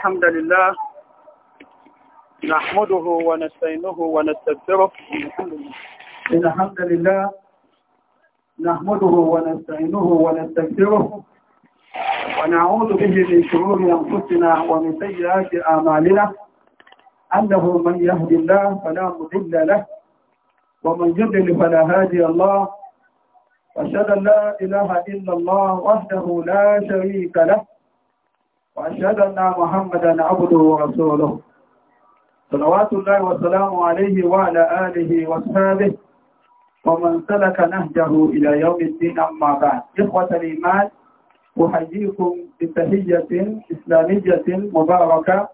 الحمد لله نحمده ونستعينه ونستغفره إن الحمد لله نحمده ونستعينه ونستغفره ونعوذ به من شرور أنفسنا ومن سيئات أعمالنا أنه من يهدي الله فلا مضل له ومن يضلل فلا هادي الله وأشهد أن لا إله إلا الله وحده لا شريك له وأشهد أن محمدا عبده ورسوله صلوات الله وسلام عليه وعلى آله وصحبه ومن سلك نهجه إلى يوم الدين أما بعد إخوة الإيمان أحييكم بتحية إسلامية مباركة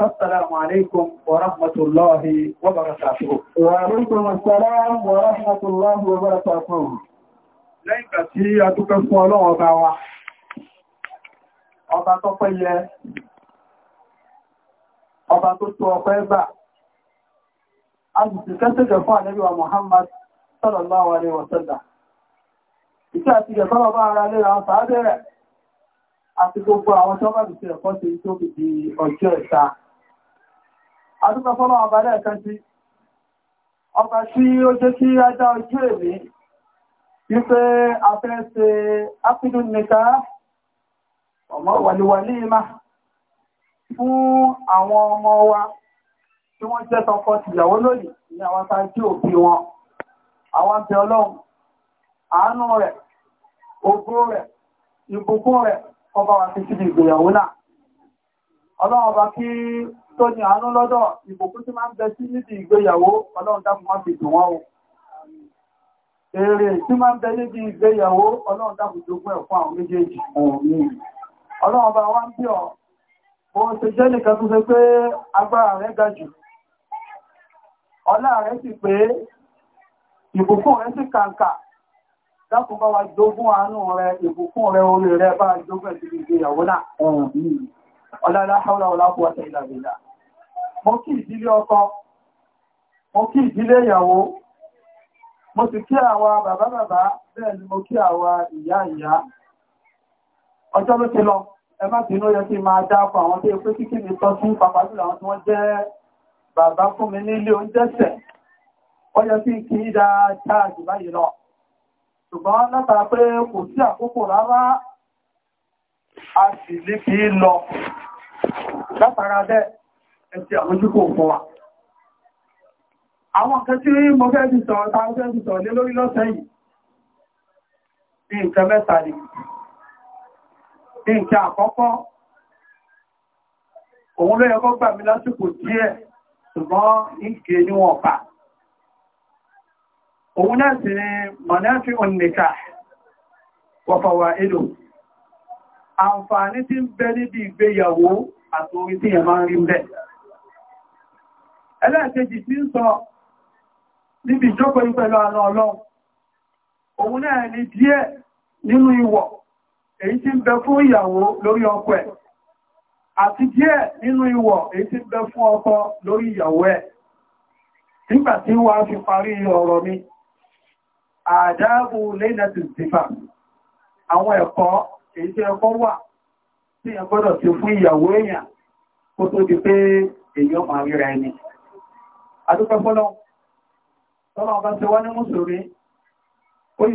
السلام عليكم ورحمة الله وبركاته وعليكم السلام ورحمة الله وبركاته ليك سيئتك فولو وبركاته ọba tọ́pẹ́ yẹ ọba tó tó ọpẹ́ a kẹ́sẹ̀kẹ́ fún àlẹ́bíwa Muhammad sallallahu alaihi wasallam ìkẹ́ àti ìyẹ̀sọ́lọ̀ bá ara lé àwọn sàádẹ́rẹ̀ àti gbogbo àwọn tó bá ti ṣe ẹ̀kọ́ sí tó di ọjọ́ ẹ̀ta sí ọba ó jẹ́ ojú èmi wípé a fẹ́ ṣe ọmọ wàlíwàlí má fún àwọn ọmọ wa tí wọ́n jẹ́ tọkọ tìyàwó lónìí ní àwọn ta tí òbí wọn àwọn bẹ ọlọ́run àánú rẹ̀ ògo rẹ̀ ìbùkún rẹ̀ ọba wa ti síbi ìgbéyàwó náà ọlọ́run ọba kí tó ní àánú lọ́dọ̀ ìbùkún tí máa ń bẹ sí níbi ìgbéyàwó ọlọ́run dákun má fi dùn wọ́n o èrè tí máa ń bẹ níbi ìgbéyàwó ọlọ́run dákun jogún ẹ̀ fún àwọn méjèèjì òun ní ọlọ́run bá wá ń bí ọ̀ bó ṣe jẹ́ nìkan tó ṣe pé agbára rẹ̀ ga jù ọlá rẹ̀ sì pé ìbùkún rẹ̀ sì kàǹkà dákùn bá wa jogún àánú rẹ̀ ìbùkún rẹ̀ orí rẹ̀ bá jogún ẹ̀sì ìgbéyàwó náà ọlá la hawla wala quwwata illa billah mo kí ìdílé ọkọ mo kí ìdílé ìyàwó mo sì kí àwa bàbá bàbá bẹ́ẹ̀ ni mo kí àwa ìyá ìyá ọjọ́ ló ti lọ ẹmá tí ló yẹ kí máa dáàpọ̀ àwọn tí èpé kíkí mi tọ́ fún pàpàdùn àwọn tí wọ́n jẹ́ bàbá fún mi nílé oúnjẹ́sẹ̀ wọ́n yẹ kí kí í dáadáa jù báyìí lọ ṣùgbọ́n látara pé kò sí àkókò rárá a sì lè kí í lọ látara bẹ́ẹ̀ ẹ ti àmójúkò fún wa àwọn nǹkan tí mo fẹ́ fi sọ̀rọ̀ ta fẹ́ fi sọ̀rọ̀ lé lórí lọ́sẹ̀ yìí bí nǹkan mẹ́ta nìyí nǹkan àkọ́kọ́ òun ló yẹ kó gbà mí lásìkò díẹ̀ ṣùgbọ́n ìkè ní wọn pa òun náà sì ni mọ̀nẹ́fì òǹnìkà wọ̀fọ̀wà èlò àǹfààní tí ń bẹ níbi ìgbéyàwó àtòrí tí yẹn máa ń rí bẹ́ ẹlẹ́ẹ̀kejì tí ń sọ níbi ìjókòó pẹ̀lú àlọ́ ọlọ́run òun náà ni díẹ̀ nínú ìwọ̀ èyí tí ń bẹ fún ìyàwó lórí ọkọ ẹ̀ àti díẹ̀ nínú ìwọ̀ èyí tí ń bẹ fún ọkọ lórí ìyàwó ẹ̀ nígbà tí wọ́n fi parí ọ̀rọ̀ mi àdáàbò lẹ́nàtì ìsìnfà àwọn ẹ̀kọ́ èyí tí ẹ̀kọ́ wà tí ẹ gbọ́dọ̀ ti fún ìyàwó èèyàn kó tó di pé èèyàn máa ríra ẹni adúpẹ́ fọ́lọ́ tọ́lọ́ ọba ti wá ní mùsùlùmí ó ì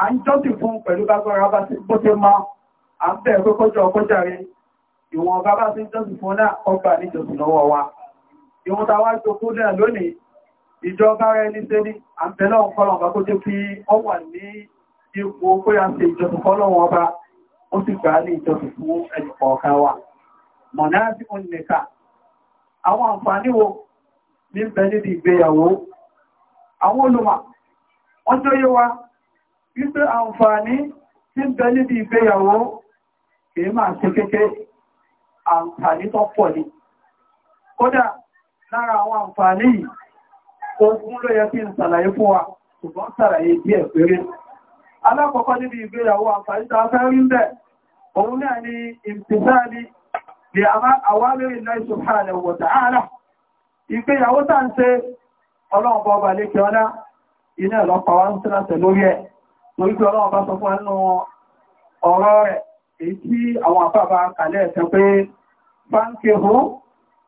à ń jọ́sìn fún pẹ̀lú bágbára bá ti bó ti máa à ń bẹ̀rẹ̀ kọjọ ọkọjà rẹ ìwọ̀n bá bá ti jọ́sìn fún náà ọgbà níjọsìn lọ́wọ́ wa ìwọ̀n ta wá tó kú náà lónìí ìjọba rẹ ní sẹ́ni à ń bẹ̀rẹ̀ ọ̀n kọ́lọ̀ ọba kó jẹ́ kí ọ wà ní ipò wa mọ̀nà sí òǹnìkà àwọn àǹfààní wo ní bẹ níbi ìgbéyàwó àwọn olùmọ̀ wọ́n tó yé wípé àǹfààní tí ń bẹ níbi ìgbéyàwó kìí máa ṣe kéèké àǹfààní tó pọ̀ ní kódà lára àwọn àǹfààní yìí ogun ló yẹ kí n ṣàlàyé fún wa ṣùgbọ́n ṣàlàyé díẹ̀ péré alákọ̀ọ́kọ́ níbi ìgbéyàwó àǹfààní tó fẹ́ rí ń bẹ òun náà ni ìmtìsáàlì ọba torí pé ọlọ́wọ́ bá sọ fún ẹnu ọ̀rọ̀ rẹ̀ èyí tí àwọn àpábà kàlẹ̀ ẹ̀sẹ̀ pé báńkì hù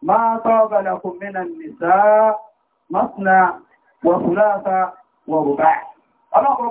máa tọ́ọ̀bà lakum mínà nìsá masna wa thulatha wa ọlọ́pọ̀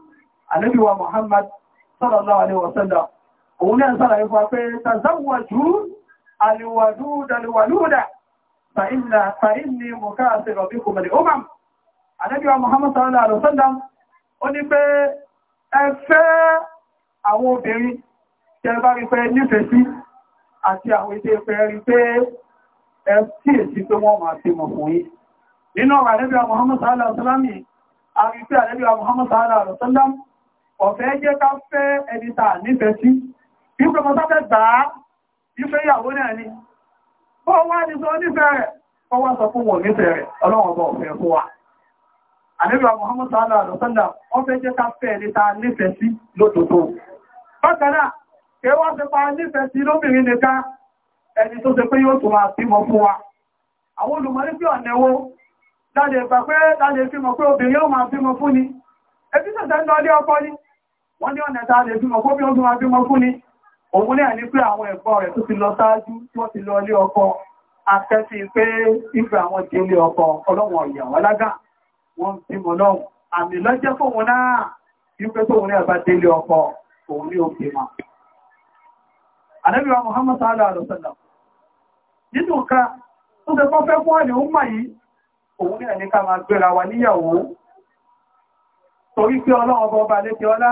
Ànábì wa Muhammad sallallahu alaihi wasallam òun náà sálàyé fún pé tazawwaju alwaduda alwaluda fa inna fa inni mukasiru bikum al-umam Ànábì wa Muhammad sallallahu alaihi wasallam ó ní pé ẹ fẹ́ àwọn obìnrin tẹ́ bá rí pé nífẹ̀ẹ́ sí àti àwọn èdè pẹ́ rí pé ẹ tí èsì pé wọ́n máa ti mọ̀ fún yín nínú ọ̀rọ̀ Ànábì wa Muhammad sallallahu alaihi wasallam ọ̀fẹ́ jẹ́ ká fẹ́ ẹni tà nífẹ̀ẹ́ sí wípé mo sáfẹ́ gbà á wípé ìyàwó náà ni bọ́ wá ní sọ nífẹ̀ẹ́ rẹ̀ bọ́ wá sọ fún wọn nífẹ̀ẹ́ rẹ̀ ọlọ́wọ́n bọ̀ ọ̀fẹ́ fún wa àníbà Muhammad wọ́n fẹ́ wa àwọn olùmọ̀lé pé ọ̀nà ẹwọ́ pé láti ẹ̀fímọ̀ pé obìnrin yóò máa bímọ fún ni ẹbí sọ̀tẹ́ ń lọ ọkọ ni wọ́n ní ọ̀nà tàà lè bímọ kó bí ó gúnmọ́ bímọ fún ni òun náà ní pé àwọn ẹ̀kọ́ rẹ̀ tó ti lọ sáájú tí wọ́n ti lọ ilé ọkọ akẹ́sí pé ìgbà àwọn ti ilé ọkọ ọlọ́wọ̀n ìyàwó alága wọ́n ti mọ̀ náà àmì lọ́jẹ́ fóun náà ìpẹ́ tóun náà bá délé ọkọ òun ní òkè mà ànábìwá Muhammad sallallahu alaihi wasallam nínú ká tó fẹ́ fẹ́ fún àlè ó mà yìí òun náà ní ká máa gbéra wa níyàwó torí pé ọlọ́run ọba ọba lékè ọlá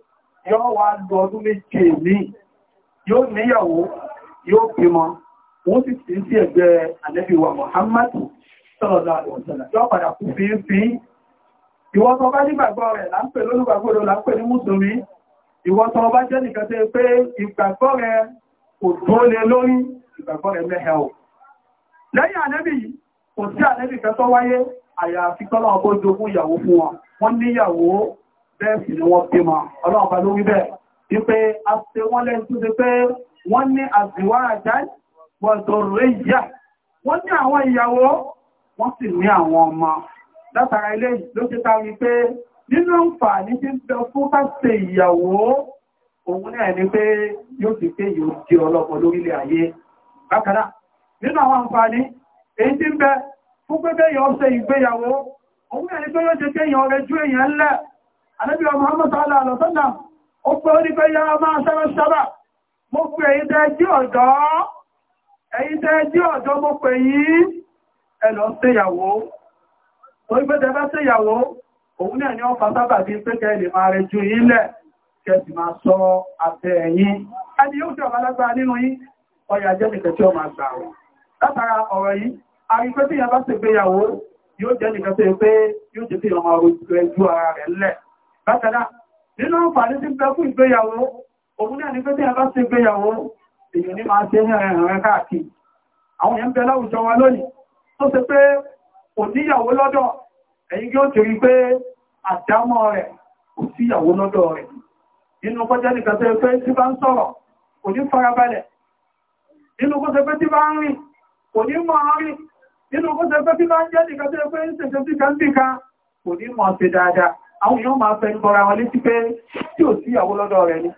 yóò wá lọ ọdún méje ní yóò níyàwó yóò bímọ wọ́n sì sí sí ẹgbẹ́ Ànábì wa Muhammad sallallahu alaihi wasallam yóò padà kú fi ń fi ìwọ́n tó bá nígbàgbọ́ rẹ̀ láńpẹ̀ lólúgbàgbọ́ rẹ̀ láńpẹ̀ ní mùsùlùmí ìwọ́n tó bá jẹ́ nìkan tẹ́ pé ìgbàgbọ́ rẹ̀ kò tó lé lórí ìgbàgbọ́ rẹ̀ mẹ́hẹ̀ ò lẹ́yìn ànẹ́bì kò sí ànẹ́bì kẹtọ́ wáyé àyàfi tọ́lọ́ ọgbọ́n jogún ìyàwó fún wọn wọ́n níyàwó bẹ́ẹ̀sì ni wọ́n bímọ ọlọ́ọ̀pá ló wí bẹ́ẹ̀ wípé a ṣe wọ́n lẹ́nu tó ṣe pé wọ́n ní àzìwá àjá pọ̀tọ̀rọ̀ ìyá wọ́n ní àwọn ìyàwó wọ́n sì ní àwọn ọmọ látara ilé ló ṣe ta wípé nínú àǹfààní tí ń bẹ fún ká ṣe ìyàwó òun náà ni pé yóò ti pé yóò di ọlọ́pọ̀ lórílẹ̀ ayé bákanáà nínú àwọn àǹfààní èyí tí ń bẹ fún pé kéèyàn ṣe ìgbéyàwó òun náà ni pé yóò ṣe kéèyàn rẹjú èèyàn lẹ́ẹ̀ Ànábì Muhammad sallallahu alaihi wasallam ó pé ó ní pé yára máa sára sábà mo pè èyí tẹ́ jí ọ̀dọ́ èyí tẹ́ jí ọ̀dọ́ mo pè yí ẹ̀lọ́ ṣèyàwó tó ń pẹ́tẹ́ bá ṣèyàwó òun náà ni ó fa sábà bí pé kẹ́ lè máa rẹ ju ilẹ̀ kẹ́ sì máa sọ abẹ́ ẹ̀yìn ẹni yóò tí ọba lágbára nínú yín ọyà jẹ́ nìkẹ́ tí ó máa gbà rẹ̀ tó yẹ pé yóò jẹ́ kí ọmọ ojú ara rẹ̀ lẹ̀ Bákanáà, nínú àǹfààní tí ń bẹ fún ìgbéyàwó, òun náà ni pé tí a bá ṣe ìgbéyàwó, èèyàn ní máa ṣe ní ẹ̀rẹ̀ rẹ̀ káàkiri. Àwọn èèyàn bẹ láwùjọ wa lónìí, tó ṣe pé kò níyàwó lọ́dọ̀, ẹ̀yin kí ó ti rí pé àdámọ́ rẹ̀ kò síyàwó lọ́dọ̀ rẹ̀. Nínú kọjá nìkan tó pé tí bá ń sọ̀rọ̀, kò ní farabalẹ̀. Nínú kó ṣe pé tí bá ń rìn, kò ní mọ̀ rìn. Nínú kó ṣe pé tí bá ń jẹ́ nìkan tó pé ń ṣèṣe sí kan bí kan, kò ní mọ̀ ṣe dáadáa àwọn èèyàn máa fẹ́ gbọ́ra wọn létí pé tí ò sí ìyàwó lọ́dọ̀ rẹ̀ ni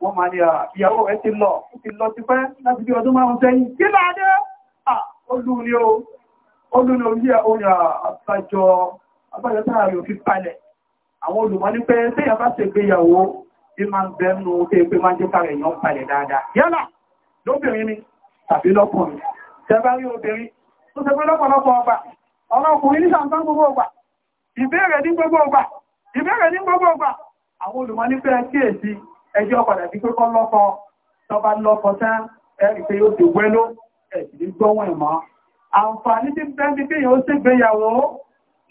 wọ́n máa ní ìyàwó rẹ̀ ti lọ ti lọ ti pẹ́ láti bí ọdún márùn sẹ́yìn kí láàdé olúni orí orin àbájọ àbájọ táàrí òfin palẹ̀ àwọn olùmọ̀ ní pé tí ìyàbá ṣe gbéyàwó bí máa ń bẹ́nu pé pé máa ń jẹ́ kárẹ̀ èèyàn palẹ̀ dáadáa yálà lóbìnrin ni tàbí lọ́kùnrin tẹ́bá rí obìnrin tó ṣe pé lọ́pọ̀lọpọ̀ ọgbà ọlọ́kùnrin ní sàǹtán gbogbo ọgbà ìbéèrè ní gbogbo ọgbà ìbéèrè ní gbogbo ọgbà àwọn olùmọ̀ nífẹ́ kíyèsí ẹjọ́ padà bí pé kọ́ lọ́kọ tọba lọ́kọ tán ẹ̀rì pé yóò ti wẹ́ló ẹ̀sìn gbọ́wọ̀n ìmọ̀ àǹfààní tí bẹ́ẹ̀ ni pé yóò ṣègbéyàwó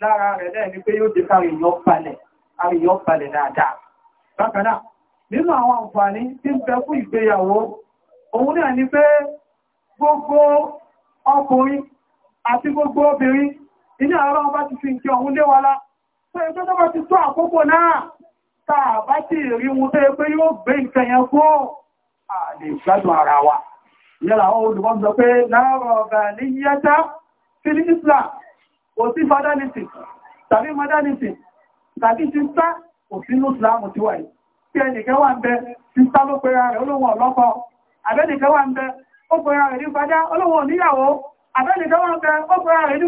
lára rẹ̀ náà ni pé yóò ti ká èèyàn palẹ̀ àríyàn palẹ̀ dáadáa bákan náà nínú àwọn àǹfààní tí ń bẹ fún ìgbéyàwó òun náà ni pé gbogbo ọkùnrin àti gbogbo obìnrin iná ara wọn bá ti fi nkẹ ọ̀hún léwa lá tó ẹgbẹ́ tó bá ti tó àkókò náà táà bá ti rí wọn tó ẹgbẹ́ yóò gbé nǹkan yẹn kó àlè gbádùn ara wa yẹ́la àwọn olùgbọ́n sọ pé láàrọ̀ ọ̀gá ní yíyájá fílí Islam kò sí modernity tàbí modernity tàbí sísá kò sí ní Islam ti wà yìí tí ẹnìkẹ́ wà ń bẹ sísá ló pera rẹ̀ olóhun ọ̀lọ́kọ abẹ́nìkẹ́ wà ń bẹ ó pera rẹ̀ ní fadá olóhun oníyàwó abẹ́nìkẹ́ wà ń bẹ ó pera rẹ̀ ní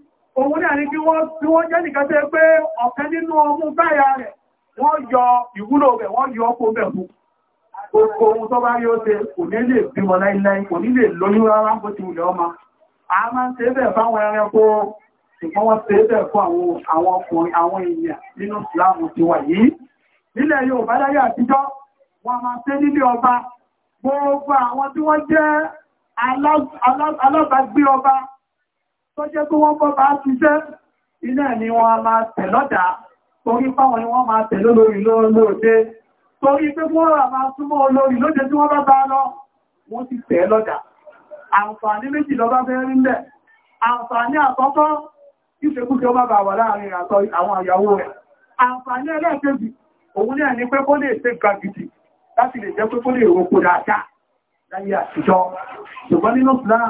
òun náà ni bí wọ́n jẹ́ nìkan tẹ́ pé ọ̀kan nínú ọmú báyà rẹ̀ wọ́n yọ ìwúlò rẹ̀ wọ́n yọ ọkọ̀ bẹ̀rù gbogbo ohun tó bá rí ó ṣe kò ní lè bímọ láíláí kò ní lè lóyún rárá bó ti wùlẹ̀ ọmọ a máa ń ṣe é bẹ̀ fáwọn ẹranko ṣùgbọ́n wọ́n ṣe é bẹ̀ fún àwọn ọkùnrin àwọn èèyàn nínú ìsìláàmù ti wà yìí nílẹ̀ Yorùbá láyé àtijọ́ wọ́n máa ṣe nílé ọba gbogbo àwọn tí wọ́n jẹ́ alábàgbé ọba tó jẹ́ pé wọ́n bọ́bá ṣiṣẹ́ iná ni wọ́n máa tẹ̀ lọ́dà torí páwọn ni wọ́n máa tẹ̀ lólórí lóòdé torí pé mọ́ra máa súnmọ́ olórí lóòdé tí wọ́n bá bá lọ wọ́n ti tẹ̀ lọ́dà láti lè jẹ́ pé kó lè roko dáadáa láyé àtijọ́ ṣùgbọ́n nínú Islam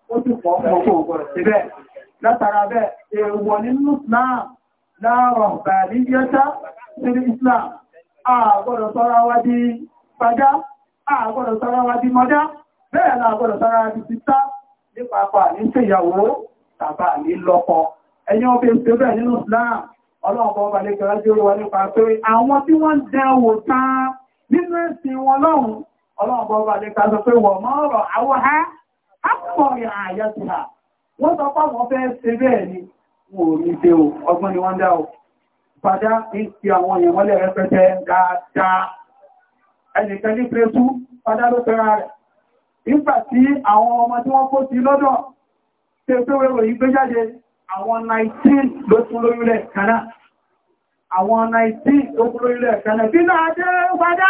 ó sì pọ̀ ọmọ ògbọ̀rọ̀ síbẹ̀ látara bẹ́ èèwọ̀ nínú náà láàrọ̀ bàrí yẹta sírí Islam àgbọ̀dọ̀ sọ́ra wá di padà àgbọ̀dọ̀ sọ́ra wá di mọ́dá bẹ́ẹ̀ láàgbọ̀dọ̀ sọ́ra wá di títà nípa apá ní ṣèyàwó tàbá ní lọ́kọ ẹ̀yin ọbẹ̀ ṣe bẹ́ẹ̀ nínú Islam ọlọ́ọ̀bọ̀ ọba lè kẹrẹ́ jẹ́ wọlé pa pé àwọn tí wọ́n jẹ́ wò tán nínú ẹ̀sìn wọn lọ́hùn ọlọ́ọ̀bọ̀ ọba lè kẹrẹ́ sọ pé wọ̀ mọ́ ọ̀rọ̀ àwọ̀ ha ápùpọ̀mì àyà ti hà wọ́n sọ pá wọ́n fẹ́ ṣe bẹ́ẹ̀ ni wọ́n ò ní ṣe o ọgbọ́n ni wọ́n dá o padà ní ti àwọn èèyàn wọ́n lè rẹpẹtẹ dáadáa ẹnìkan ní pẹ́sú padà ló fẹ́ra rẹ̀ nígbà tí àwọn ọmọ tí wọ́n kó sí lọ́dọ̀ tí ó pẹ́wẹ́ òyìn gbé jáde àwọn 19 ló tún lórí rẹ̀ kaná àwọn 19 ló tún lórí rẹ̀ kaná bí náà dé padà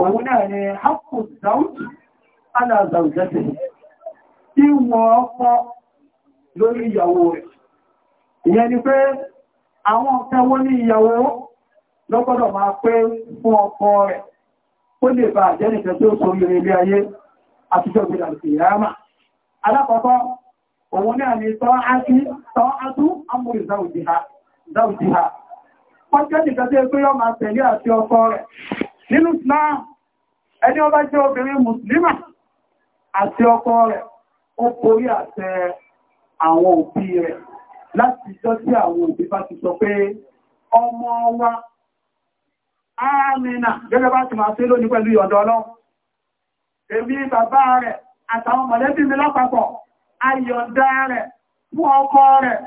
òun náà ni hapù zaújì aláàzàújẹ́sẹ̀ tí wọ́n pọ́ lórí ìyàwó rẹ̀ ìyẹn ni pé àwọn ọ̀tẹ́wọ́ ní ìyàwó lọ́gbọ́dọ̀ ma pé fún ọkọ rẹ̀ ó lè bá àjẹ́nìkẹ́ tí ó so ilé ayé àtijọ́ ìgbìyà ìyàmà pé máa àti ọkọ rẹ̀ nínú ẹni ọba jẹ́ obìnrin musulima àti ọkọ rẹ̀ ó borí àtẹ àwọn òbí rẹ̀ láti jọ sí àwọn òbí bá ti sọ pé ọmọ wa ámìnà gẹ́gẹ́ bá ti máa lónìí pẹ̀lú èmi bàbá rẹ̀ àtàwọn mi lápapọ̀ ayọ̀dá rẹ̀ fún ọkọ rẹ̀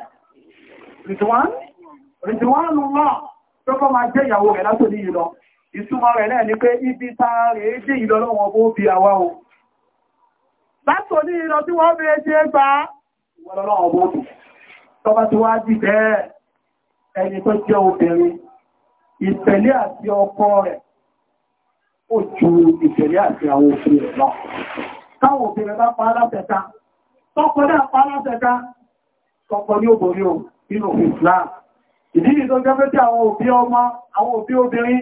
rìtìwọ́n tó kọ́ máa jẹ́ ìyàwó rẹ̀ ìtumọ̀ rẹ̀ náà ni pé ibi tààrẹ èdè ìlọ́lọ́wọ́ bó bí àwa o látò ní ìlọ tí wọ́n bèé ṣe gbá ìwọ̀lọ́lọ́wọ́ bó bí tọba tí wá jì bẹ́ẹ̀ ẹni tó jẹ́ obìnrin ìtẹ̀lé àti ọkọ rẹ̀ ó ju ìtẹ̀lé àti àwọn òfin rẹ̀ lọ táwọn obìnrin bá pa alátẹta tọkọ náà pa alátẹta tọkọ ní òbòrí o nínú Islam ìdí ni tó jẹ́ pé tí àwọn òbí ọmọ àwọn òbí obìnrin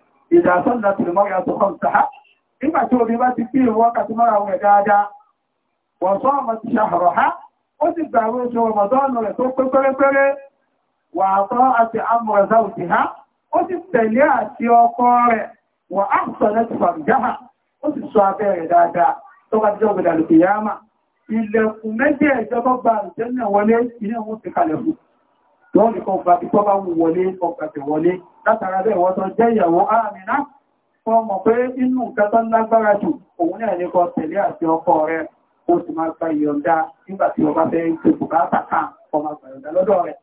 ìdásọ́nà tìrìmọ́rì àtọ́kọ́m tàá nígbà tí omi bá ti pí ìwọ́ kàtí mọ́ra rẹ̀ dáadáa wọ́n sọ ọmọ ti ṣàhọ̀rọ̀ ha ó sì gbàrú oṣù ọmọdọ́ọ̀nà rẹ̀ tó pé pérépéré wà tọ́ àti amọ̀rẹ̀dá òsì ha ó sì á sọ wọ́n ní kọgbà tí tọ́bá wù wọlé kọgbà tí wọlé látara bẹ́ wọ́n tọ́ jẹ́ ìyàwó Àmìnà fọ́ mọ̀ pé inú nǹkan tó lágbára jù òun náà ní kọ tẹ̀lé àti ọkọ rẹ̀ ó sì máa gba ìyọ̀ǹda nígbà tí ọba fẹ́ ń tó bùkátà kan ọmọ gba ìyọ̀ǹda lọ́dọ̀ rẹ̀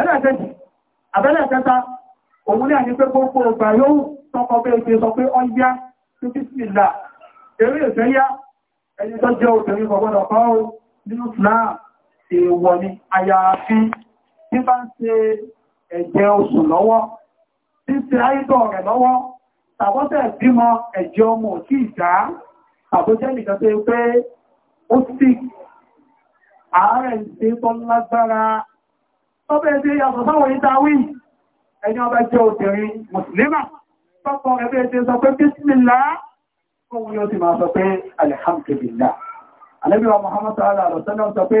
ẹlẹ́ẹ̀kẹ́jì abẹ́lẹ́ẹ̀kẹta òun náà ní pé gbogbo ọgbà yóò tọkọ bẹ́ẹ̀ ṣe sọ pé ọyá tó ti sì là eré ìfẹ́ yá ẹni tó jẹ́ obìnrin kọ̀gbọ́dọ̀ kọ́ nínú Islam èèwọ̀ ni àyàfi tí bá ń ṣe ẹ̀jẹ̀ oṣù lọ́wọ́ tí ṣe àìdọ̀ rẹ̀ lọ́wọ́ tàbọ́tẹ̀ bímọ ẹ̀jẹ̀ ọmọ òtí ìdá àbójẹ́ nìkan tó pé ó sì ààrẹ ìṣe tó lágbára tọ́bẹ̀ ẹgbẹ́ yàtọ̀ sáwọn ìdáwí ẹni ọba jẹ́ obìnrin mùsùlùmá tọ́pọ̀ ẹgbẹ́ ẹgbẹ́ sọ pé bismillah fún muhammadu aláàrọ̀ sọ́nà sọ pé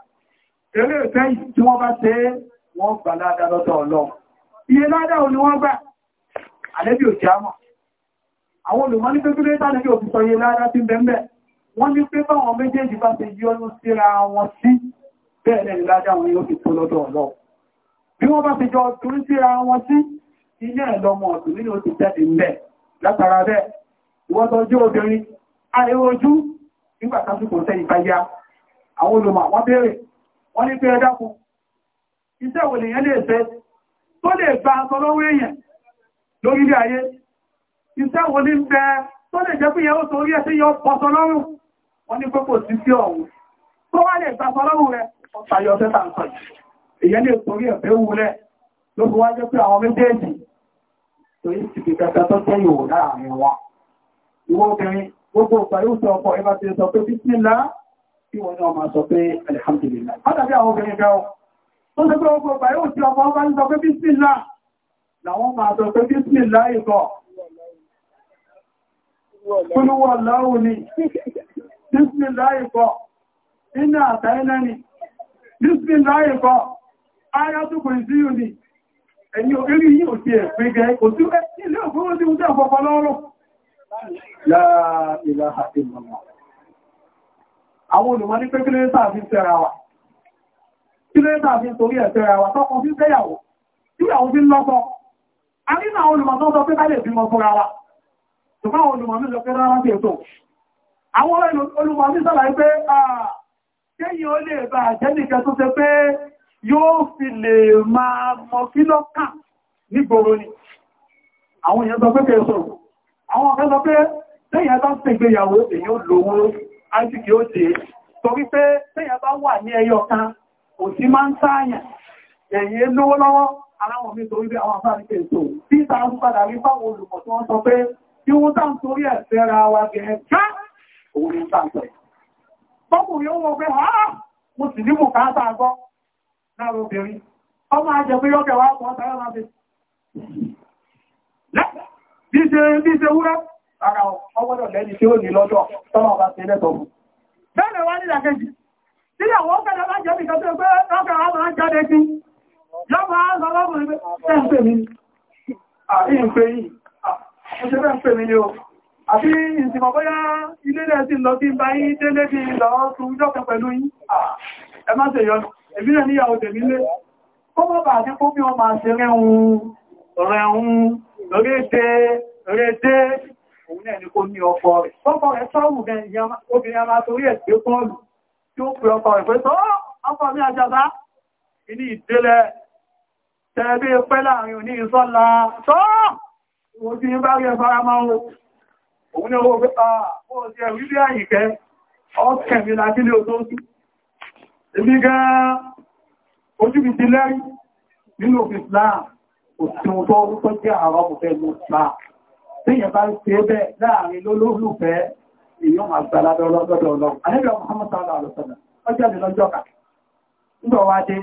eré ìfẹ́ yìí tí wọ́n bá tẹ́ wọ́n gbà ládá lọ́dọ̀ ọlọ́run iye ládá ò ní wọ́n gbà àlébí ò jámọ̀ àwọn olùmọ́ ní pépéré tàbí òfìsọ iye ládá tí bẹ́ẹ̀ wọ́n ní pé báwọn méjèèjì bá ti yí ọdún síra wọn sí bẹ́ẹ̀ ni àwọn olùmọ̀ wọ́n béèrè wọ́n ní pé ẹ dákun iṣẹ́ wo lèyàn lè fẹ́ tó lè gba aṣọ lọ́wọ́ èèyàn lórí ilé ayé iṣẹ́ wo ní bẹ tó lè jẹ́ pé yẹn torí ẹ̀sẹ̀ yọ pọ̀sọ lọ́rùn wọ́n ní pé kò sí sí ọ̀hún tó wá lè gba aṣọ lọ́rùn rẹ ọ̀pá yọ tẹ́ta ń sọ èyàn lè torí ẹ̀fẹ́ wù rẹ ló fi wá jẹ́ pé àwọn méjèèjì torí sì fi kẹta tó tẹ́ yòó láàrin wọn ìwọ obìnrin gbogbo ìgbà yóò kí wọ́n náà máa sọ pé alhamdulillah. Látàbí àwọn obìnrin gan tó sọ pé ogun ọgbà yóò tí ọmọ ọba ń sọ pé bísmìlá làwọn máa sọ pé bísmìlá ìkọ̀. Kúlúwọ̀ láwù ni, bísmìlá ìkọ̀, iná àtàínà ni, bísmìlá ìkọ̀, ayátùkùn sí yù ni, ẹ̀yìn orí yìí ò ti ẹ̀fẹ́ gẹ́ kò sí ilé òfúrú sí oúnjẹ ọ̀pọ̀pọ̀ lọ́rùn. La ilaha illallah àwọn olùmọ̀ ní pé kí lóyún tàbí fẹ́ra wa kí lóyún tàbí torí ẹ̀ fẹ́ra wa tọ́kọ fi fẹ́yàwó tíyàwó fi lọ́kọ a nínú àwọn olùmọ̀ tó sọ pé ká lè bímọ fúnra wa ṣùgbọ́n àwọn olùmọ̀ mi sọ pé rárá sí ètò àwọn olùmọ̀ mi sọ́lá a ó ṣe torí pé tẹ́yà bá wà ní ẹyọ kan kò sí máa ń sáàyàn ẹ̀yẹ lówó torí bí àwọn afáríkẹ́ ètò tí ta ń padà rí fáwọn olùkọ́ tí wọ́n sọ pé kí wọ́n tá torí ẹ̀fẹ́ fẹ́ra wa gẹ̀ẹ́ òun ara ọgbọ́dọ̀ lẹ́ni tí ó ní lọ́dọ̀ tọ́lọ̀ bá ṣe lẹ́tọ̀ mú. bẹ́ẹ̀ wá nílà kejì tí àwọn ọgbẹ̀dọ̀ bá jẹ́ nìkan tó pé ọkà wá máa jáde sí lọ́mọ àwọn ọlọ́mọ ẹgbẹ́ tẹ́ ń pè mí àbí ń pè yìí ṣe bẹ́ẹ̀ ń pè mí ni o àbí ìsìnkọ̀ bóyá ilé rẹ̀ ti lọ sí bá yí délé bí lọ tún jọ́kẹ pẹ̀lú yín ẹ má ṣe yọnu èmi náà níyàwó tèmi lé kó mọ́ bà ní kó bí wọ́n máa ṣe rẹ̀ ń rẹ̀ ń rẹ̀ dé òun náà ni kó ní ọkọ rẹ̀ ọkọ rẹ̀ sọ́ọ̀mù gan obìnrin a máa torí ẹ̀ gbé pọ́ọ̀lù tí ó pè ọkọ rẹ̀ pé sọ́ ọkọ mi àjàbá ìní ìdílẹ̀ tẹ̀lé pẹ́ láàrin òní ìsọ́la sọ́ òun ní owó pípa Téèyàn bá ń ṣe bẹ́ẹ̀ láàrin lólólùfẹ́ èèyàn máa gbà ládọ́ lọ́dọ̀ ọlọ́run. Àníbẹ̀ ọmọ Muhammad sallallahu alaihi wasallam, ọjọ́ mi lọ́jọ́ kà. Ńgbọ̀ wá dé,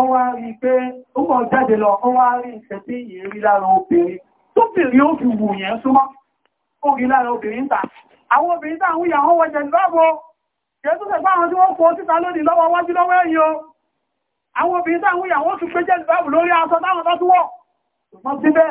ọ wá rí pé ó mọ̀ jáde lọ, ọ wá rí ìfẹ́ tí ìyẹn rí lára obìnrin. Tó bìrì ó fi wù yẹn súnmọ́, ó rí lára obìnrin ta. Àwọn obìnrin tá àwọn ìyàwó wọ jẹ̀lú lọ́wọ́. Jésù sẹ̀gbá àwọn tí wọ́n fọ́ síta lónìí lọ́wọ́ wájú lọ́wọ́ ẹ̀yìn o. Àwọn obìnrin tá àwọn ìyàwó tún pé jẹ́lú lórí aṣọ táwọn tó túwọ̀. Ṣùgbọ́n síbẹ̀,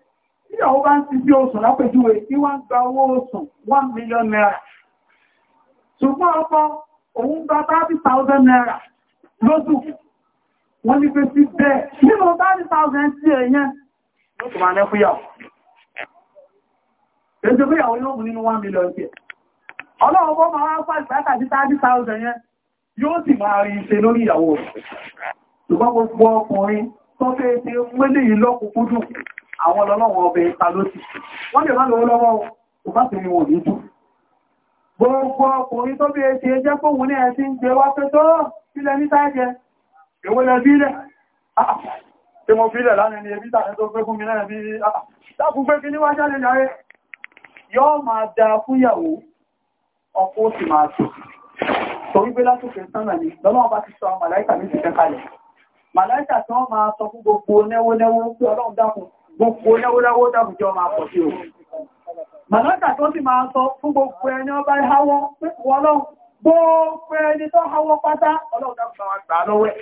ìyàwó bá ń ti bí oṣùn lápẹjúwe tí wọ́n gba owó oṣùn 1 million naira ṣùgbọ́n ọkọ òun gba 30,000 naira lóṣù wọ́n ní pé sí bẹ́ẹ̀ nínú 30,000 sí ẹ̀yẹn ló tó máa lẹ́fúyàwó ẹjọ́ pé ìyàwó yóò mú nínú 1 million tí ẹ̀ ọlọ́run bọ́ máa wá pàṣẹ látàdí 30,000 yẹn yóò sì máa rí iṣẹ́ lórí ìyàwó ṣùgbọ́n gbogbo ọkùnrin tó fẹ́ ṣe mẹ́lẹ̀ àwọn lọ́lọ́wọ́ ọbẹ̀ ipa ló ti wọ́n lè má lọ́wọ́ lọ́wọ́ kò bá tẹ̀lé wọn ní tú gbogbo ọkùnrin tó bí ẹ̀ṣẹ̀ jẹ́ fóhun ní ẹ̀sìn ń jẹ wá pé tó sílẹ̀ ní táẹ́jẹ èwo lẹ bílẹ̀ tí ah, mo fílẹ̀ lánàá ni ebí tààrẹ tó fẹ́ fún mi náà bí ah, dákun pé kí ní wájá lè yàrẹ yóò máa da fúnyàwó ọkọ̀ sì máa tó torí pé látòkè sánà ni lọ́lọ́wọ́ bá ti sọ àwọn màláìkà méjì kẹ́kalẹ̀ màláìkà tí wọ́n máa sọ fún gbogbo nẹ́wó nẹ́wó pé ọlọ́run dákun gbogbo lẹ́wọ́lẹ́wọ́ dábùjọ máa pọ̀ sí òun màlọ́tà tó sì máa sọ fún gbogbo ẹni ọba ìháwọ́ wọ́lọ́un gbogbo ẹni tó háwọ́ pátá ọlọ́run dábùjọ máa gbà lọ́wẹ́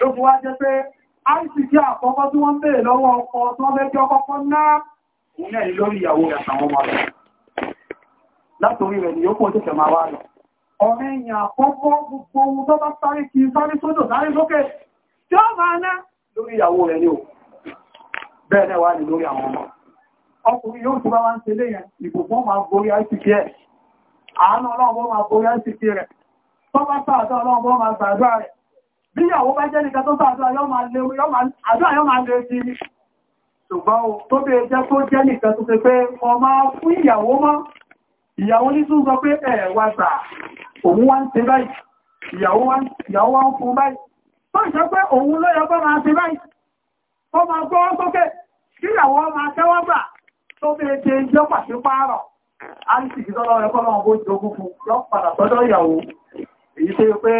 ló fi wá jẹ́ pé icc àkọ́kọ́ tí wọ́n bèèrè lọ́wọ́ ọkọ tí wọ́n fẹ́ kí ọkọ kọ́ náà ní ẹ̀rí lórí ìyàwó rẹ̀ àtàwọn ọmọ rẹ̀ látòrí rẹ̀ ni yóò kó tẹ̀sẹ̀ máa wá lọ ọ̀rẹ́ ìyàn àkọ́kọ́ gbogbo ohun tó bá sáré kí sáré sódò sáré sókè tí ó máa ná lórí ìyàwó rẹ̀ ni òun bẹ́ẹ̀ náà wà ní lórí àwọn ọmọ ọkùnrin yóò tí bá wá ń ṣe léyàn ìbùkún máa borí icp ẹ̀ àánú ọlọ́ọ̀bọ́ máa borí icp rẹ̀ tó bá sáàdọ́ ọlọ́ọ̀bọ́ máa gbàgbà rẹ̀ bí ìyàwó bá jẹ́ nìkan tó sáàdọ́ yọ́ máa lè sí i ṣùgbọ́n tó bèé jẹ́ tó jẹ́ nìkan tó ṣe pé ọmọ fún ìyàwó mọ́ ìyàwó ní tún sọ pé ẹ̀wà sà òun wá ń ṣe báyìí ìyàwó wá ń fún báyìí tó ìṣẹ́ pé òun ló yẹ kó máa ṣe báyìí ó máa gbọ́ sókè kíyàwó máa tẹ́wọ́ tó bèé ṣe jọ pàṣípààrọ̀ àìsìkì tọ́lọ́ rẹ̀ kọ́lọ́ ọgbó jogun fún lọ padà sọ́dọ̀ ìyàwó èyí tó yẹ pé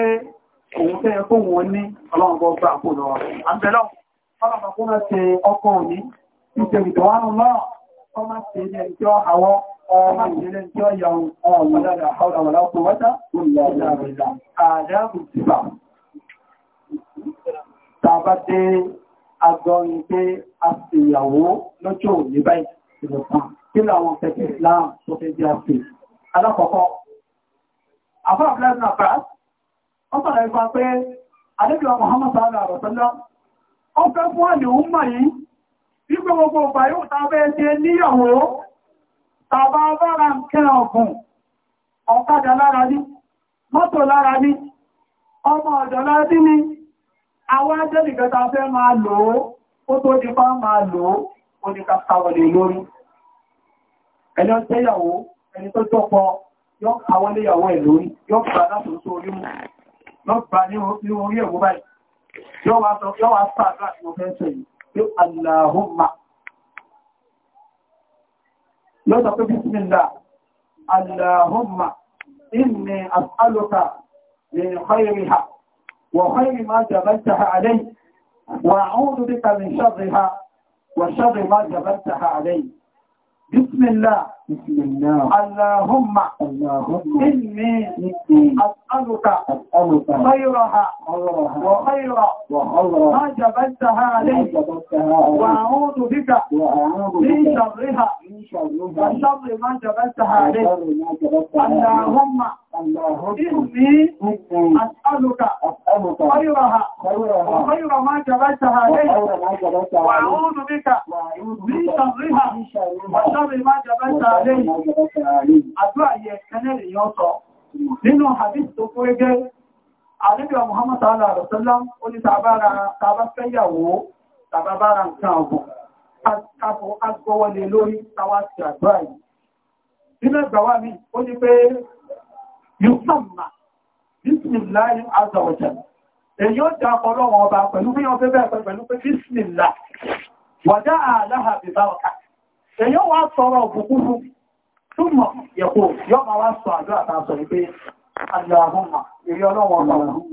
òun tẹ́ ẹkùn wọn ní ọlọ́run bọ́ gbà kò lọ àbẹ̀lọ́ ọlọ́run kó náà ṣe ọkọ òní ìṣèlú ìtọ́wánú náà kọ́ máa ṣe ilé ẹni tí ó àwọ́ ọmọ ìṣẹ̀lẹ̀ ẹni tí ó yà ọmọ dáadáa àwọn àwọn àwọn àpòwọ́tá òun yà agbọ́rin pé a sì ìyàwó lọ́jọ́ òní báyìí ìlọ̀kan kí làwọn pẹ̀lú Islam tó fẹ́ jẹ́ àfẹ́ alákọ̀ọ́kọ́ afọ́ àfẹ́lẹ́sìn àpá ó sọ̀rọ̀ ipa pé adébíwá Muhammad sallallahu alaihi wasallam ó fẹ́ fún àlè òun mọ̀ yìí wípé gbogbo ọba yóò ta bẹ́ẹ̀ ṣe níyàwó tàbá bára nǹkan ọ̀gùn ọ̀kadà lára ní mọ́tò lára ní ọmọ ọ̀dọ̀ lára ní àwọn ajẹ́lì kẹta fẹ́ máa lò ó tó ti fá máa lò ó ní kàkàwọlé lórí ẹni ọjẹ́ ìyàwó ẹni tó tọ́pọ̀ yọ́ kàwọlé ìyàwó ẹ̀ lórí yọ́ gbà láti inni as'aluka min khairiha وخير ما جبلتها علي وأعوذ بك من شرها وشر ما جبلتها علي بسم الله اللهم إني أسألك خيرها وخير ما جبلتها لي وأعوذ بك من شرها وشر ما جبلتها لي اللهم إني أسألك خيرها وخير ما جبلتها لي وأعوذ بك من شرها وشر ما جبلتها Nínú hadith tó kó ẹgẹ́, Àdébíwa Muhammad Sallallahu Alaihi Wasallam, ó ní tàbá fẹ́yàwó, tàbá bára nǹkan ọ̀gùn, káfọ́ agbọ́wọlé lórí tàwà ti àgbà yìí. Nínú ẹgbàwà mi, ó ní pé, Yusamma, Bismillah Azza Èyí ó dá ọlọ́wọ̀n ọba pẹ̀lú bí wọ́n fẹ́ bẹ́ẹ̀ pẹ̀lú pé Bismillah, wàdá àláhà bìbá ọ̀kà èyàn wá sọ̀rọ̀ òkùnkúrú túnmọ̀ yẹ̀kò yọ́mà wá sọ àjọ́ àtàṣọ ìpé àjọ̀húnmà ìrí ọlọ́wọ̀ ọ̀rọ̀ Wọ́n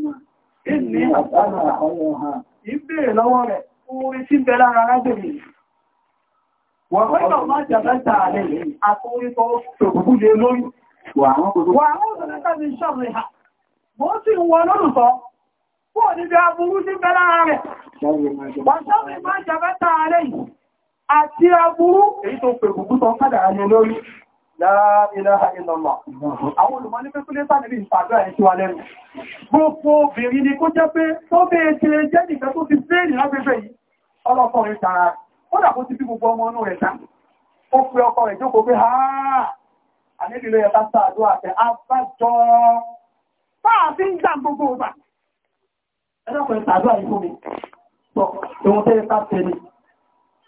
ni bí a burú sí bẹ́lára rẹ̀. Wọ́n sọ́rọ̀ ìmá jàbẹ́ta àlẹ́ yìí àti agbúrú èyí tó pè kùkú tán kádà ayẹ lórí láàrínláà ìlọ́lọ́ àwọn olùmọ́ ní pẹ́kúlé sáà níbi ìpàdé ẹ̀ tí wà lẹ́nu gbogbo obìnrin ni kó jẹ́ pé tó bẹ́ẹ̀ ti lè jẹ́ nìkan tó ti fẹ́ẹ̀lì lágbẹ́fẹ́ yìí ọlọ́pọ̀ rẹ̀ tààrà kódà kó ti fi gbogbo ọmọ inú rẹ̀ ta ó pe ọkọ rẹ̀ jókòó pé háà àníbi ló yẹ ká sáàdó àtẹ abájọ táà fi ń gbà gbogbo ọgbà ẹlọ́pọ̀ rẹ̀ sáàdó àyíkó mi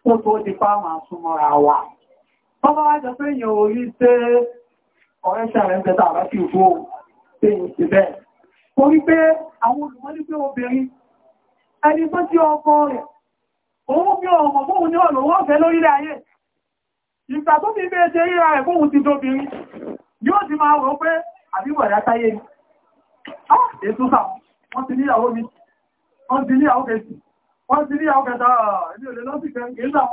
ó tó di fáwọn àsúnmọ́ra wa tọ́bá wájọ pé èèyàn orí tẹ́ ọ̀rẹ́ṣà rẹ̀ ń tẹ́ta ìfò tẹ́yìn sí bẹ́ẹ̀ orí pé àwọn olùmọ́lé pé obìnrin ẹni tó tí ọkọ rẹ̀ òun bí ọmọ bóhun ní ọ̀nà fẹ́ lórílẹ̀ ayé ìgbà tó bí bẹ́ẹ̀ ṣe ríra rẹ̀ bóhun ti dóbìnrin yóò ti máa rò pé àbíwọ̀ ẹ̀yà táyé ni ah, wọ́n ti ní àwọn kẹta ẹni olè lọ́sì kẹrìnkì wọn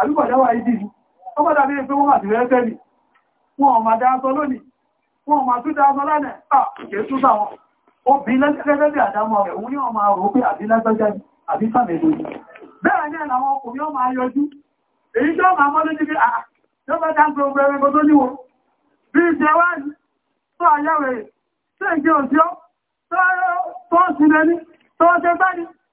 àbíkọ̀dáwà ìdí ó wọ́n ma ti wọn ọmọ dáadọ́ lónìí wọn ọmọ tó dáadọ́ lánàá àkẹ́ tó sáwọn ó àdámọ́ òun ọmọ pé àbí àbí bẹ́ẹ̀ àwọn ọkùnrin ọmọ ayọjú èyí tó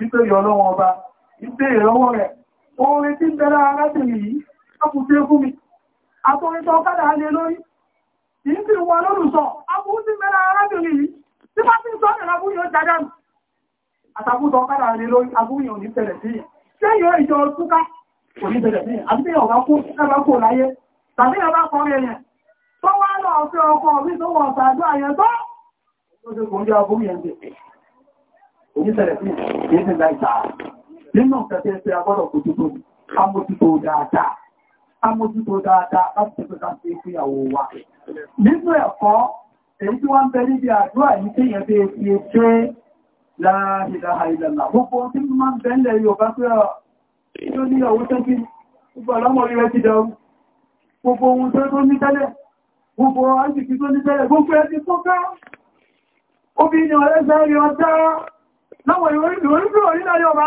nítorí ọlọ́wọ́ ọba ìgbé ìrọwọ́ rẹ̀ orin tí bẹ̀rẹ̀ arábìnrin yìí ọkùn tí ó fún mi àtọrítọ ọ̀kadà alẹ́ lórí yìí tí wọ́n lórùsọ ọkùn tí bẹ̀rẹ̀ arábìnrin yìí tí bá ti sọ ẹ̀rọ abúyọ jádánù àtàkùtọ̀ ọ̀kadà alẹ́ lórí abúyọ ní tẹ̀lẹ̀ sí ṣé yóò ìjọ túká kò ní tẹ̀lẹ̀ sí àbí ọ̀gá kó láyé tàbí ọba kọrin ẹ̀yẹn tó wá lọ ọ̀fẹ́ ọkọ̀ mi tó wọ̀ ọ̀sà àjọ àyẹ̀ tó oníṣẹ́lẹ̀ sí ìṣẹ́ láìta nínú ọ̀kẹ́kẹ́ pé agbọ́dọ̀ kò tútù amójútó dáadáa amójútó dáadáa láti tẹ́kọ́ láti fi àwọ̀ wa nínú ẹ̀kọ́ èyí tí wọ́n bẹ níbi àdúrà yìí tí yẹn bẹ fi ṣe láàrínláà ìlànà gbogbo tí máa ń bẹ́ẹ̀lẹ̀ Yorùbá pé ìjọ ah, ní ọwọ́ tẹ́kí gbogbo ọlọ́mọ orí rẹ̀ ti obìnrin ọ̀rẹ́sẹ̀ rí ọjọ́ láwọn ìròyìnbíò ní láyé ọba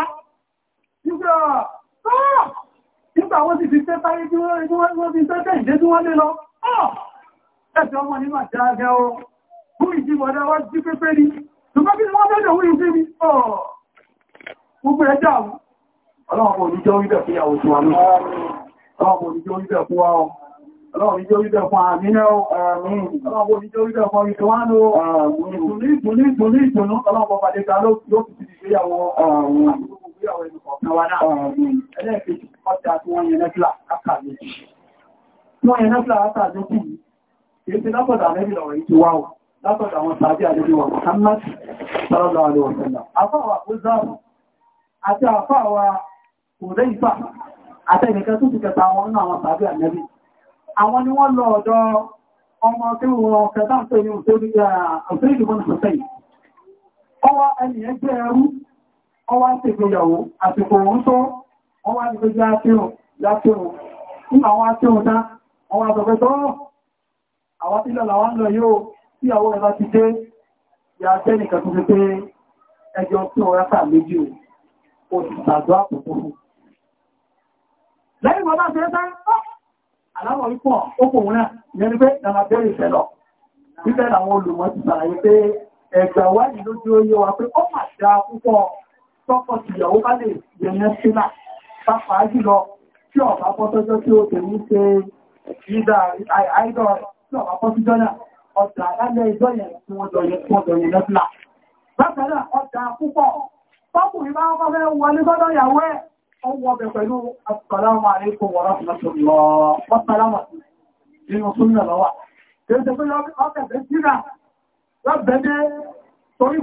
nígbà wọ́n ti fi tẹ́ táyé tí wọ́n fi tẹ́tẹ́ ìdé tí wọ́n lé lọ ah! ẹ̀sẹ̀ ọmọ ní máa jẹ́ agẹ́ o bú ìjìmọ̀dá wá jí pépé ní ṣùgbọ́n kí wọ́n ah! bẹ́ẹ̀ lòun ìsí mi gbogbo ẹjọ́ àwọn ọlọ́wọ́ Ọlọ́run jẹ́ orílẹ̀ fún àmìnà ọ̀rìn. Ọlọ́run jẹ́ orílẹ̀ fún ìṣòwánú ìtùnú ìtùnú ìtùnú ìtùnú. Ọlọ́run pàdé ta ló fi ti ìgbéyàwó àwọn ìgbéyàwó ẹnu kọ̀ọ̀kan wá náà. Ẹlẹ́ẹ̀kejì, ọjà tí wọ́n yẹn nẹ́fìlà àkàdé. Wọ́n yẹn nẹ́fìlà àkàdé kù. Kìí ṣe lápọ̀dà lẹ́bí lọ̀rọ̀ yìí ti wá o. Lápọ̀dà àwọn sàájì àdébíwọ̀ Muhammad sallallahu alaihi wasallam. Àfáwà ó záàrù àti àfáwà kò rẹ́ ìfà àtẹ́nìkan tó ti kẹta wọn náà àwọn sàájì àdébí àwọn ni wọ́n lọ ọ̀dọ̀ ọmọ tí wọ́n kẹta pé ní òtórí àfíìdì wọn sọ̀tẹ̀ ọwá ẹni ẹgbẹ́ ẹrú ọwá tẹgbẹ̀yàwó àsìkò òun tó ọwá ní gbẹ́gbẹ́ àfihàn láfihàn fún àwọn àfihàn tá ọwá àbẹ̀fẹ́ tó àwọn tí lọ́la wọ́n lọ yóò tí àwọn ẹ̀bá ti dé ya jẹ́ nìkan tó fi pé ẹjọ́ tí ó rákà méjì ò ti tàjọ́ àpòpò lẹ́yìn aláwọ̀ ipò okùnrin náà yẹni pé ìdára bẹ́rẹ̀ ìfẹ́ lọ nígbẹ́ àwọn olùmọ̀ ti sàlàyé pé ẹ̀gbà wáyìí lójú oyé wa pé ó mà dá púpọ̀ tọ́pọ̀ sí ìyàwó bá lè yẹnyẹ sílá pápá jùlọ tí ọ̀bá pọ́tọ́jọ́ tí ó tèmi ṣe ìdá àìdọ̀ tí ọ̀bá pọ́tọ́jọ́ náà ọ̀dà alẹ́ ìjọ́ yẹn tí wọ́n jọ yẹn tí wọ́n jọ yẹn lọ́sílà bákan náà ọ̀dà púpọ̀ tọ́kùnrin bá wọ́n fẹ́ wọlé sọ́dọ̀ ìyàwó ẹ̀ ọwọ́ torí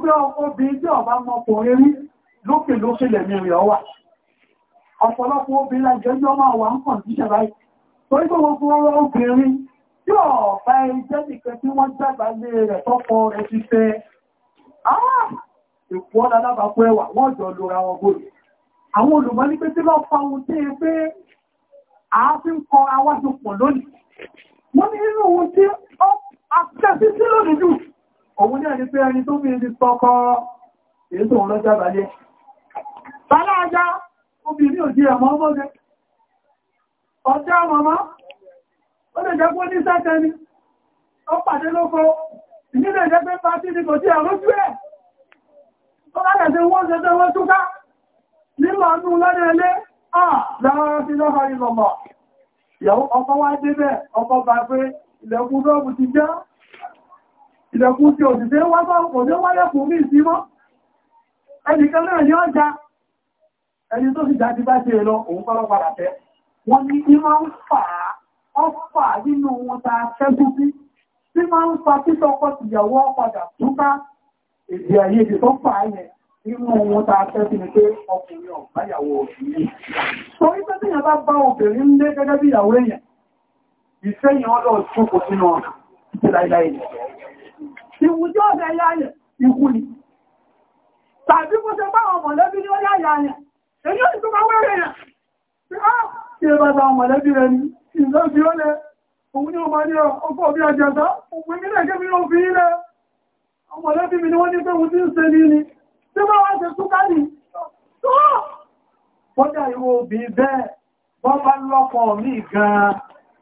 pé obìnrin tí ọba mọkùnrin rí lókè lókè lẹ̀mí rẹ̀ ọwà ọ̀pọ̀lọpọ̀ obìnrin láìjẹ́jọ́ máa wà ń kàn síṣẹ́ báyìí torí pé gbogbo obìnrin tí ọ̀bá ẹjẹ́ nìkan tí wọ́n jágbà lé rẹ̀ tọ́pọ rẹ̀ àwọn olùmọ́ ní pé tí lọ fa ohun tí ẹ pé ààfin kọ awájú pọ̀ lónìí wọ́n ní inú ohun tí ó àtẹ́sí sí lónìí jù òun ní ẹni pé ẹni tó bí ibi tọkọ èyí tó ń lọ́jà balẹ̀ bàlá ajá obìnrin òjì ẹ̀mọ́ ọmọdé ọjọ́ ọmọ ó lè jẹ́ pé ní sẹ́kẹ́ ni ó pàdé lóko ìnílẹ̀ jẹ́ pé pàtí ni kò tí ẹ̀rọ jú ẹ̀ tó bá tẹ̀sí wọ́n ṣe tẹ́wọ́ túká nínú àánú lọ́rẹ̀ ẹlé láàrín lọ́ha ìlọ̀mọ̀ ìyàwó ọkọ wá débẹ̀ ọkọ bá pé ilẹ̀kùn lọ́bù ti já ilẹ̀kùn tí òṣìṣẹ́ wá bá òṣìṣẹ́ wáyẹ̀kùn ní ìsímọ́ ẹnìkan náà ni ó já ẹni tó sì já ti bá ṣe lọ òun kọ́lọ́ padà tẹ́ wọ́n ní ìmọ̀ ń fà á ọfà nínú wọn ta ṣẹ́gun bí tí máa ń fa títọ́kọ́ tìyàwó padà túká èdè àyè ìdìtọ́fà yẹn Irú ohun ta fẹ́ sí ni pé ọkùnrin ọ̀báyàwó obìnrin. Torí pé tí yẹn bá bá obìnrin ń lé gẹ́gẹ́ bí ìyàwó èèyàn, ìfẹ́ yẹn ọlọ́ ṣókò sínú ọ̀nà títí láìláì. Ìwùjọ́ ọ̀dẹ̀ yá yẹn, ikú ni. Tàbí kó ṣe bá àwọn mọ̀lẹ́bí ní ó yá yá yẹn, èyí ò sì tó máa wẹ́rẹ̀ yẹn. Tí ẹ bá bá àwọn mọ̀lẹ́bí rẹ̀ ní, ìlọ́ fi ó lẹ, òun ní ọmọ ní ọkọ̀ bí ọjọ́ ọ̀sán, òun ní ẹgbẹ́ mi ló fi ilẹ̀. Àwọn mọ̀lẹ́bí mi ni wọ́n ní pé òun ti ń ṣe ní ni tí wọ́n wá ṣe súnkálì tó kọjá ìwò òbí bẹ́ẹ̀ wọ́n bá lọ́pọ̀ mí gan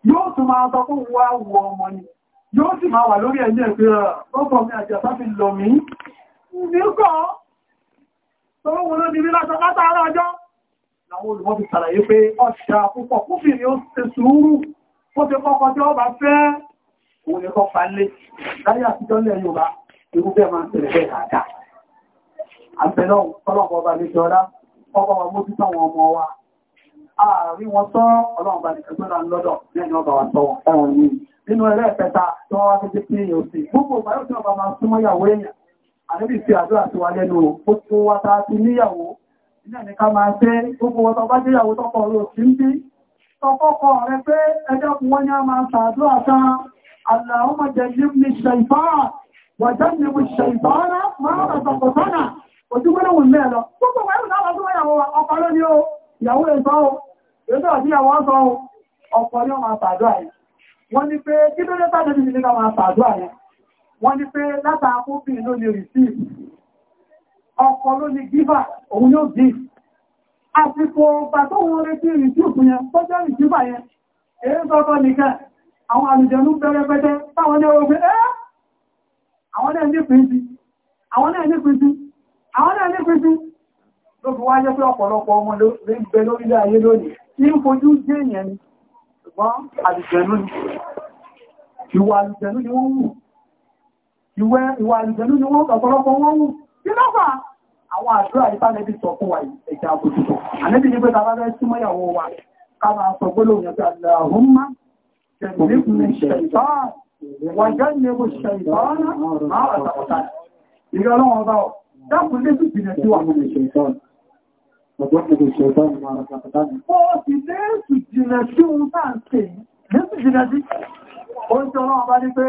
yóò tún máa sọ fún wá wọ ọmọ ni yóò sì máa wà lórí ẹ̀yẹ́ pé ọkọ̀ mi àti àtàfi lọ mí níkọ́ tó wọ́n ló di rí lásán látàárọ̀ ọjọ́ láwọn olùmọ́ fi sàlàyé pé ọ̀ṣà púpọ̀ kúfìrí ó ṣe sùúrù ó ṣe kọ́kọ́ tí ó bá fẹ́ òun ni kọ́ falẹ̀ láyé àtijọ́ lẹ́yìn Yorùbá irúfẹ́ máa ń tẹ̀lẹ̀ bẹ́ẹ̀ dáadáa àbẹ̀lọ́ ọlọ́pọ̀ ọba lè jọra ọba wa mú títà wọn ọmọ wa ààrí wọn tọ́ ọlọ́ọ̀bá ìkẹgbẹ́ra lọ́dọ̀ lẹ́yìn ọba wa tọ́ ẹ̀wọ̀n ní nínú ẹ̀rẹ́ ẹ̀fẹ́ta tí wọ́n wá fẹ́jẹ́ pé èèyàn sí gbogbo ọba yóò tí ọba máa súnmọ́ ìyàwó èèyàn àdébì fi àdúrà sí wa lẹ́nu gbogbo wa ta ti níyàwó ilẹ̀ ní ká máa ṣe gbogbo wọn tọba jẹ́ ìyàwó kò sí gbọ́dọ̀ wọn mẹ́ẹ̀ lọ púpọ̀ pẹ̀lú láwọn tó yàwó ọkọ lóní o ìyàwó èso o èso àti ìyàwó ọsọ o ọkọ yóò máa pàdó àyẹ wọ́n ní pé kí ló lẹ́ta lórí mi nígbà máa pàdó àyẹ wọ́n ní pé látà akóbìn ló lè receive ọkọ ló ní gífà òun yóò dì àsìkò ọgbà tó wọn retí ìrìsíùkù yẹn tó jẹ́ ìrìsíùkù yẹn èyí sọ́tọ́ nìkan àwọn àlùjẹ̀nú bẹ̀rẹ̀ pẹ́tẹ́ táwọn ní ọgbẹ́ ẹ́ àwọn náà ní pín sí àwọn náà ní pínpín ló fi wáyé pé ọ̀pọ̀lọpọ̀ ọmọ lórí bẹ lórílẹ̀ ayé lónìí tí ń fojú jẹ́ èèyàn ni ṣùgbọ́n àlùjẹ̀nú ni ìwà àlùjẹ̀nú ni wọ́n wù ìwẹ́ ìwà àlùjẹ̀nú ni wọ́n ọ̀pọ̀lọpọ̀ wọ́n wù kí lọ́fà àwọn àdúrà ìbánẹ́bí sọ fún wa ẹ̀jà àbójútó ànẹ́bí ní pé ta bá fẹ́ súnmọ́ ìyàwó wa ká máa sọ gbólóhùn yẹn pé àlàhùnmá tẹ̀lẹ́kùnrin ṣẹ̀tọ́ wàjẹ́ ní ewu ṣẹ̀tọ́ náà máa wà dákùn lé sí ìpìnà tí wà mọ́ ìṣẹ̀ ìtọ́n ọ̀dọ́ ìṣẹ̀ ìtọ́n ma ara pàtàkì ó ti lé sí ìjìnà sí ohun tàà ń tè ní sí ìjìnà sí ó ń tọ́lọ́ ọba ní pé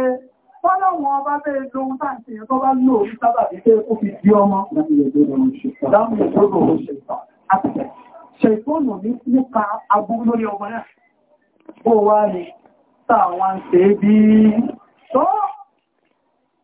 fọ́lọ́wọ́n ọba bẹ́ẹ̀ lóhun tàà ń tè tó bá lò ní sábà bí pé ó fi di ọmọ láti ẹ̀dọ́ ìṣẹ̀ ìtọ́n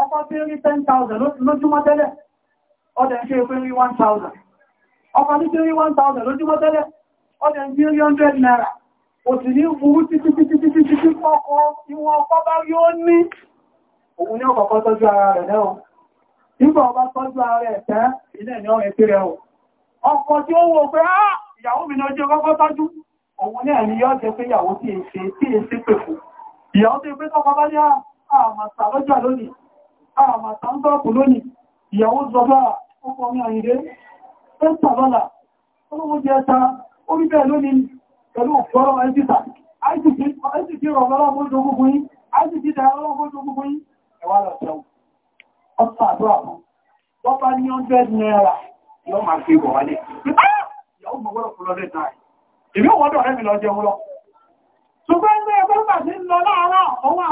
ọkọ̀ tí ó rí 10,000 lójúmọ́ tẹ́lẹ̀ ọdẹ̀ ṣe pé rí 1,000 ọkọ̀ tí ó rí 1,000 lójúmọ́ tẹ́lẹ̀ ọdẹ̀ rí 100 naira O ti ní burú títí títí títí ọkọ̀ bá òun ní ara rẹ̀ àwọn ah, àtàntọ́pù lónìí ìyàwó zọba ọkọ̀ ní àyíké ó tàbálà olówó jẹ́ ta orí bẹ́ẹ̀ lónìí pẹ̀lú ọ̀pọ̀rọ̀ àìsìta àìsìtì rọ̀ lọ́lọ́gbọ́jọ́ gbogbo yìí àìsìtì dára lọ́lọ́gbọ́jọ́ gbogbo yìí ẹ̀wà lọ sẹ́wọ̀ ọ̀pọ̀ àdúrà fún bọ́bá ní 100 naira yóò máa fi bọ̀ wálé ah! ìyàwó mọ̀gbọ́rọ̀ fún lọ́dẹ̀ náà ìbí òwọ́dọ̀ rẹ̀ mi lọ jẹun lọ ṣùgbọ́n ẹgbẹ́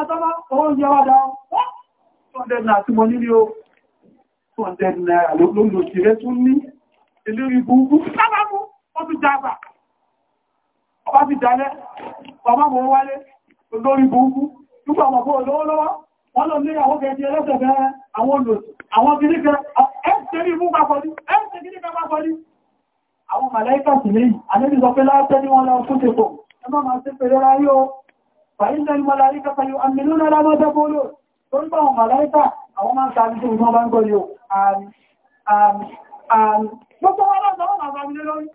ẹgbẹ́ 200 náà tí mo nílé o 200 náà ọba ti jalẹ́ ọba mọ̀ wálé olórí burúkú nígbà ọmọ fún olówó lọ́wọ́ wọ́n lọ ní àwọn kẹjẹ ẹlẹ́sẹ̀fẹ́ àwọn olóòtú àwọn kìníkẹ ẹ̀ẹ́sẹ̀ ní ìmú pàpọ̀lú ẹ̀ẹ́sẹ̀ kìníkẹ pàpọ̀lú àwọn màláíkà torí pé àwọn màláìkà àwọn máa ń ta nítorí wọ́n bá ń gbọ́ ní o gbogbo wọn láti àwọn àwọn àmì lórí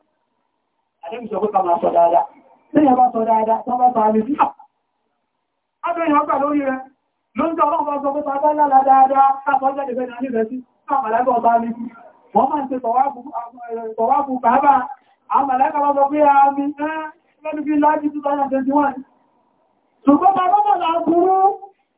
àdébìsọ pé ká máa sọ dáadáa lẹ́yìn bá sọ dáadáa tó bá sọ àmì sí àbẹ́yìn ọgbà lórí rẹ lóúnjẹ ọlọ́pàá sọ pé tàbí lára dáadáa káàkọ́ jáde fẹ́ ní àníbẹ̀ sí àmàlẹ́gbà ọba ní wọ́n máa ń ṣe tọ̀wáàbù kàábà àmàlẹ́gbà bá sọ pé àmì ẹ́ lẹ́nu bí láti 2021 ṣùgbọ́n bá lọ́pàá